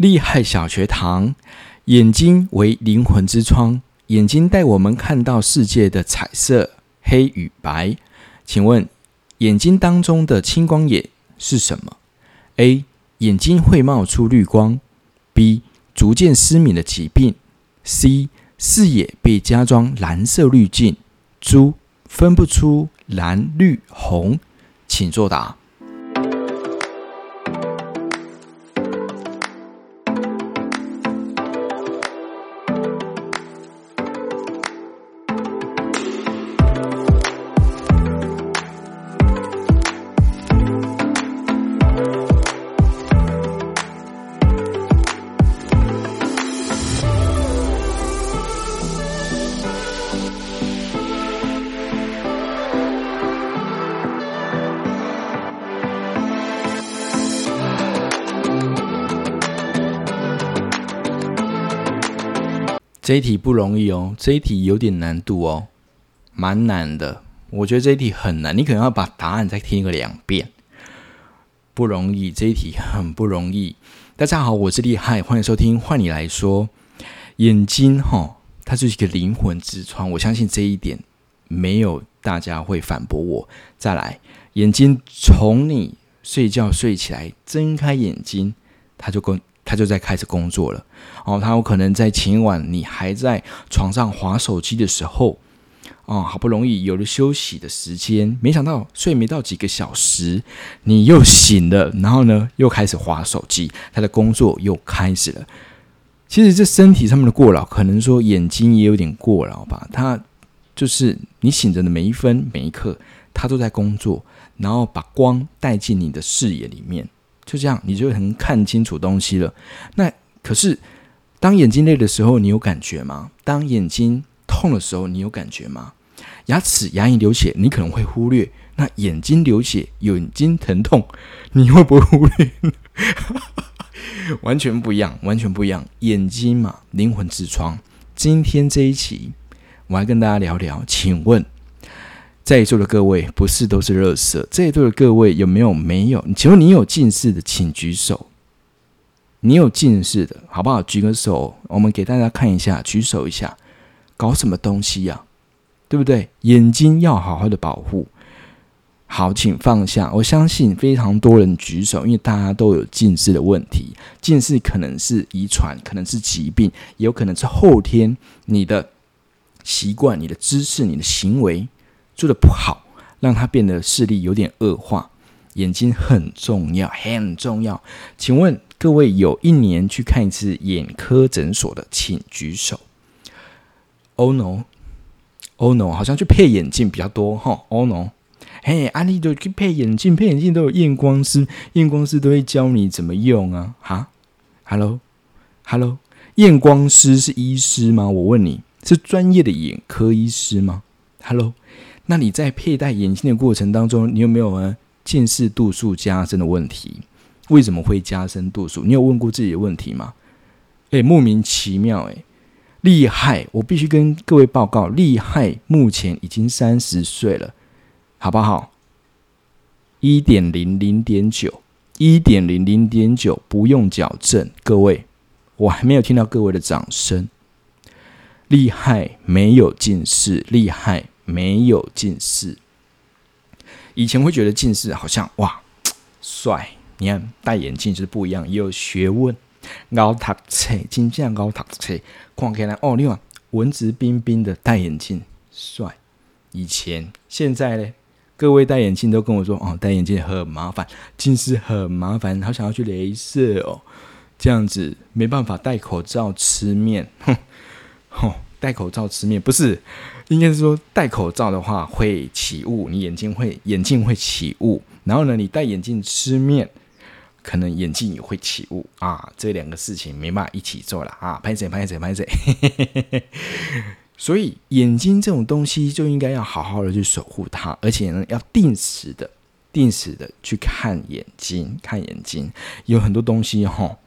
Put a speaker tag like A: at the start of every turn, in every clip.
A: 厲害小學堂，眼睛為靈魂之窗，眼睛帶我們看到世界的彩色、黑與白。請問，眼睛當中的青光眼是什麼？A. 眼睛會冒出綠光。B. 逐漸失明的疾病。C. 視野被加裝藍色濾鏡。D. 分不出藍、綠、紅。請作答。這一題不容易哦，這一題有點難度哦，蠻難的。我覺得這一題很難，你可能要把答案再聽個兩遍。不容易，這一題很不容易。大家好，我是厲害，歡迎收聽。換你來說，眼睛哈，它就是一個靈魂之窗，我相信這一點沒有大家會反駁我。再來，眼睛從你睡覺睡起來，睜開眼睛，它就跟。他就在開始工作了哦，他有可能在前一晚你還在床上滑手機的時候，哦，好不容易有了休息的時間，沒想到睡沒到幾個小時，你又醒了，然後呢又開始滑手機，他的工作又開始了。其實這身體上面的過勞，可能說眼睛也有點過勞吧。他就是你醒着的每一分每一刻，他都在工作，然後把光帶進你的視野裡面。就這樣，你就能看清楚東西了。那可是，當眼睛累的時候，你有感覺嗎？當眼睛痛的時候，你有感覺嗎？牙齒、牙齦流血，你可能會忽略。那眼睛流血、眼睛疼痛，你會不會忽略？ 完全不一樣，完全不一樣。眼睛嘛，靈魂之窗。今天這一期，我來跟大家聊聊。請問？在座的各位不是都是熱色？在座的各位有沒有沒有？請問你有近視的，請舉手。你有近視的，好不好？舉個手，我們給大家看一下。舉手一下，搞什麼東西呀、啊？對不對？眼睛要好好的保護。好，請放下。我相信非常多人舉手，因為大家都有近視的問題。近視可能是遺傳，可能是疾病，也有可能是後天你的習慣、你的姿勢、你的行為，做的不好，讓他變得視力有點惡化。眼睛很重要，很重要。請問各位，有一年去看一次眼科診所的，請舉手。Oh no! Oh no! 好像去配眼鏡比較多哈。Oh no! 嘿、hey, 啊，安利都去配眼鏡，配眼鏡都有驗光師，驗光師都會教你怎麼用啊。哈，Hello，Hello，驗光師是醫師嗎？我問你，是專業的眼科醫師嗎？Hello。那你在佩戴眼鏡的過程當中，你有沒有呢近視度數加深的問題？為什麼會加深度數？你有問過自己的問題嗎？誒，莫名其妙。誒，厲害！我必須跟各位報告，厲害，目前已經三十歲了，好不好？一點零零點九，一點零零點九不用矯正。各位，我還沒有聽到各位的掌聲。厲害，沒有近視，厲害。沒有近視，以前會覺得近視好像哇帥，你看戴眼鏡是不一樣，也有學問，熬讀冊，真正熬讀冊，看起來哦，你看文質彬彬的戴眼鏡帥。以前，現在呢？各位戴眼鏡都跟我說哦，戴眼鏡很麻煩，近視很麻煩，好想要去雷射哦，這樣子沒辦法戴口罩吃麵，哼，吼、哦。戴口罩吃麵不是，應該是說戴口罩的話會起霧，你眼睛會眼鏡會起霧，然後呢，你戴眼鏡吃麵，可能眼鏡也會起霧啊。這兩個事情沒辦法一起做了啊！拍誰拍誰拍誰。 所以眼睛這種東西就應該要好好的去守護它，而且呢，要定時的、定時的去看眼睛、看眼睛。有很多東西吼，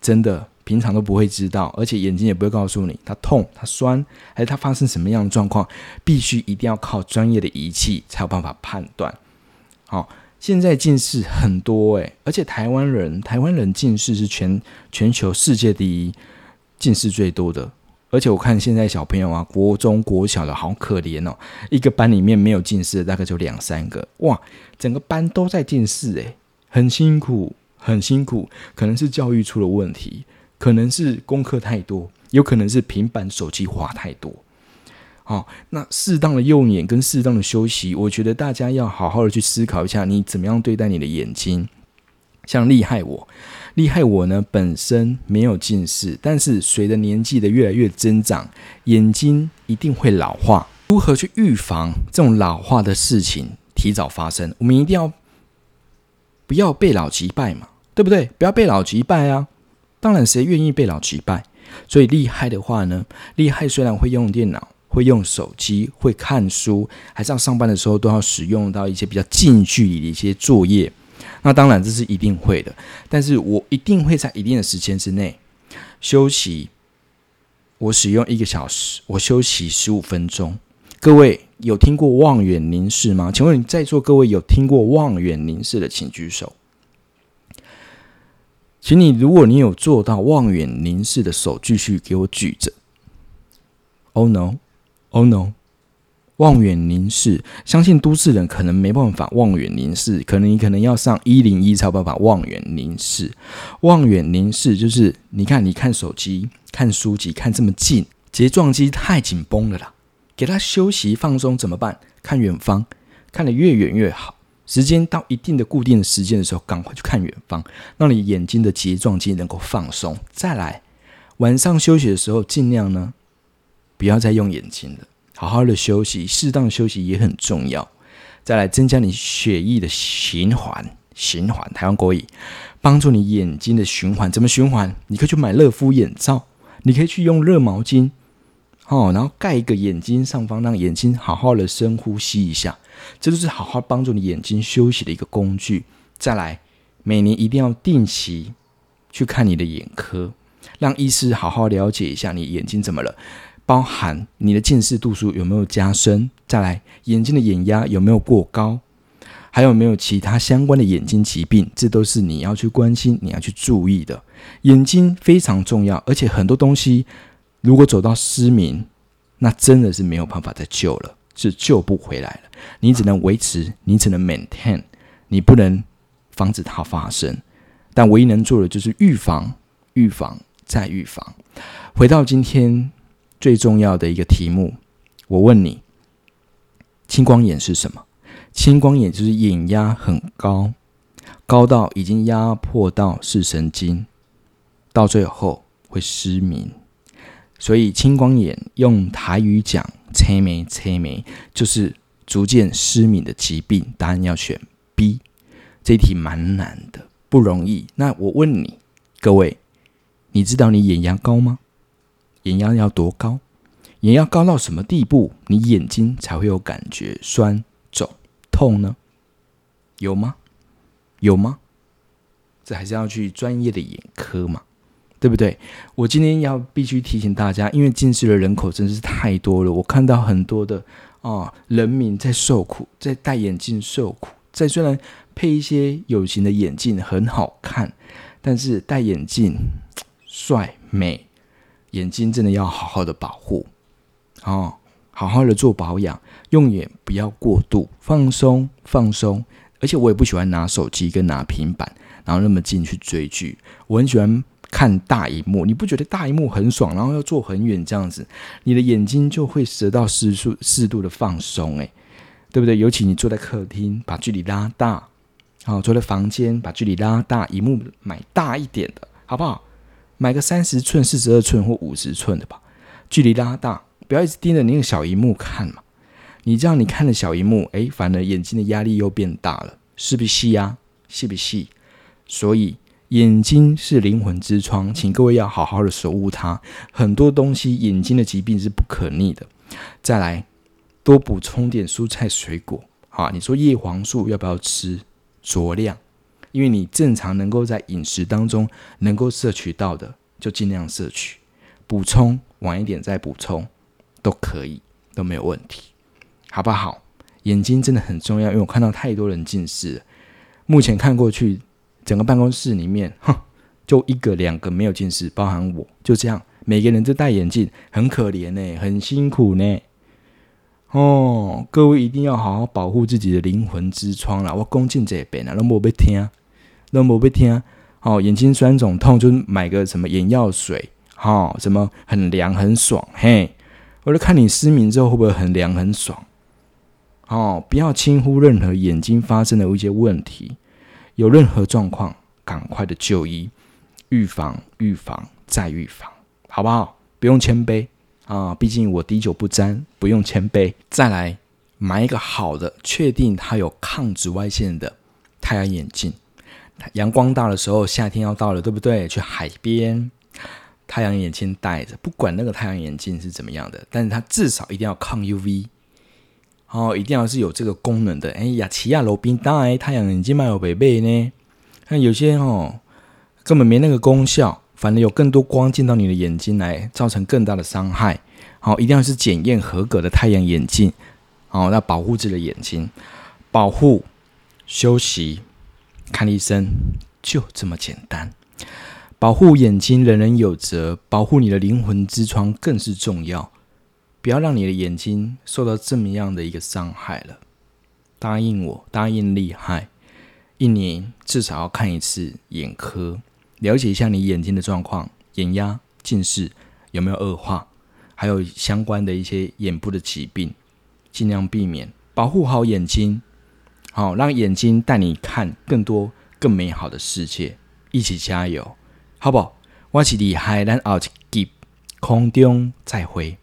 A: 真的。平常都不會知道，而且眼睛也不會告訴你它痛、它酸，還是它發生什麼樣的狀況，必須一定要靠專業的儀器才有辦法判斷。好，哦，現在近視很多誒，而且台灣人，台灣人近視是全全球世界第一，近視最多的。而且我看現在小朋友啊，國中國小的好可憐哦，一個班裡面沒有近視的大概就兩三個，哇，整個班都在近視誒，很辛苦，很辛苦，可能是教育出了問題。可能是功課太多，有可能是平板手機滑太多。好，那適當的用眼跟適當的休息，我覺得大家要好好的去思考一下，你怎麼樣對待你的眼睛。像厲害我，厲害我呢本身沒有近視，但是隨着年紀的越來越增長，眼睛一定會老化。如何去預防這種老化的事情提早發生？我們一定要不要被老擊敗嘛？對不對？不要被老擊敗啊！當然，誰願意被老擊敗？所以厲害的話呢，厲害雖然會用電腦、會用手機、會看書，還是要上班的時候都要使用到一些比較近距離的一些作業。那當然這是一定會的，但是我一定會在一定的時間之內休息。我使用一個小時，我休息十五分鐘。各位有聽過望遠凝視嗎？請問你在座各位有聽過望遠凝視的，請舉手。請你，如果你有做到望遠凝視的手，繼續給我舉着。Oh no, oh no！望遠凝視，相信都市人可能沒辦法望遠凝視，可能你可能要上一零一才有辦法望遠凝視。望遠凝視就是，你看你看手機、看書籍看這麼近，睫狀肌太緊繃了啦，給他休息放鬆怎麼辦？看遠方，看得越遠越好。時間到一定的固定的時間的時候，趕快去看遠方，讓你眼睛的睫狀肌能夠放鬆。再來，晚上休息的時候，儘量呢不要再用眼睛了，好好的休息，適當休息也很重要。再來，增加你血液的循環，循環，台灣國語，幫助你眼睛的循環。怎麼循環？你可以去買熱敷眼罩，你可以去用熱毛巾，哦，然後蓋一個眼睛上方，讓眼睛好好的深呼吸一下。這就是好好幫助你眼睛休息的一個工具。再來，每年一定要定期去看你的眼科，讓醫師好好了解一下你眼睛怎麼了，包含你的近視度數有沒有加深，再來眼睛的眼壓有沒有過高，還有沒有其他相關的眼睛疾病，這都是你要去關心、你要去注意的。眼睛非常重要，而且很多東西如果走到失明，那真的是沒有辦法再救了。是救不回來了，你只能維持，你只能 maintain，你不能防止它發生，但唯一能做的就是預防、預防再預防。回到今天最重要的一個題目，我問你：青光眼是什麼？青光眼就是眼壓很高，高到已經壓迫到視神經，到最後會失明。所以青光眼用台語講“青瞑青瞑”，就是逐漸失明的疾病。答案要選 B，這一題蠻難的，不容易。那我問你，各位，你知道你眼壓高嗎？眼壓要多高？眼壓高到什麼地步，你眼睛才會有感覺酸、腫、痛呢？有嗎？有嗎？這還是要去專業的眼科嘛？對不對？我今天要必須提醒大家，因為近視的人口真是太多了。我看到很多的啊、哦，人民在受苦，在戴眼鏡受苦，在雖然配一些有型的眼鏡很好看，但是戴眼鏡帥美，眼睛真的要好好的保護啊、哦，好好的做保養，用眼不要過度，放鬆放鬆。而且我也不喜歡拿手機跟拿平板，然後那麼近去追劇。我很喜歡。看大熒幕，你不覺得大熒幕很爽？然後要坐很遠這樣子，你的眼睛就會得到適度、適度的放鬆、欸，誒，對不對？尤其你坐在客廳，把距離拉大，好、哦，坐在房間，把距離拉大，熒幕買大一點的好不好？買個三十寸、四十二寸或五十寸的吧，距離拉大，不要一直盯着那個小熒幕看嘛。你這樣你看了小熒幕，誒，反而眼睛的壓力又變大了，是不是呀、啊？是不是？所以。眼睛是靈魂之窗，請各位要好好的守護它。很多東西，眼睛的疾病是不可逆的。再來，多補充點蔬菜水果啊！你說葉黃素要不要吃酌量？因為你正常能夠在飲食當中能夠攝取到的，就儘量攝取，補充晚一點再補充都可以，都沒有問題，好不好？眼睛真的很重要，因為我看到太多人近視了，目前看過去。整個辦公室裡面，哼，就一個兩個沒有近視，包含我，就這樣，每個人都戴眼鏡，很可憐呢，很辛苦呢。哦，各位一定要好好保護自己的靈魂之窗啦。我恭敬這邊啊，都沒要聽，都沒要聽。哦，眼睛酸腫痛，就買個什麼眼藥水，哦，什麼很涼很爽。嘿，我就看你失明之後會不會很涼很爽？哦，不要輕忽任何眼睛發生的一些問題。有任何狀況，趕快的就醫。預防、預防再預防，好不好？不用千杯啊，畢竟我滴酒不沾，不用千杯。再來買一個好的，確定它有抗紫外線的太陽眼鏡。陽光大的時候，夏天要到了，對不對？去海邊，太陽眼鏡戴着，不管那個太陽眼鏡是怎麼樣的，但是它至少一定要抗 UV。哦，一定要是有這個功能的。哎、欸，雅琪亞、羅賓，當然太陽眼鏡賣我貝貝呢。那有些人哦，根本沒那個功效，反而有更多光進到你的眼睛來，造成更大的傷害。好、哦，一定要是檢驗合格的太陽眼鏡。哦，那保護自己的眼睛，保護休息，看醫生，就這麼簡單。保護眼睛，人人有責。保護你的靈魂之窗，更是重要。不要讓你的眼睛受到這麼樣的一個傷害了。答應我，答應厲害，一年至少要看一次眼科，了解一下你眼睛的狀況，眼壓、近視有沒有惡化，還有相關的一些眼部的疾病，盡量避免，保護好眼睛，好讓眼睛帶你看更多更美好的世界。一起加油，好不好？我是厲害，咱下一集空中再會。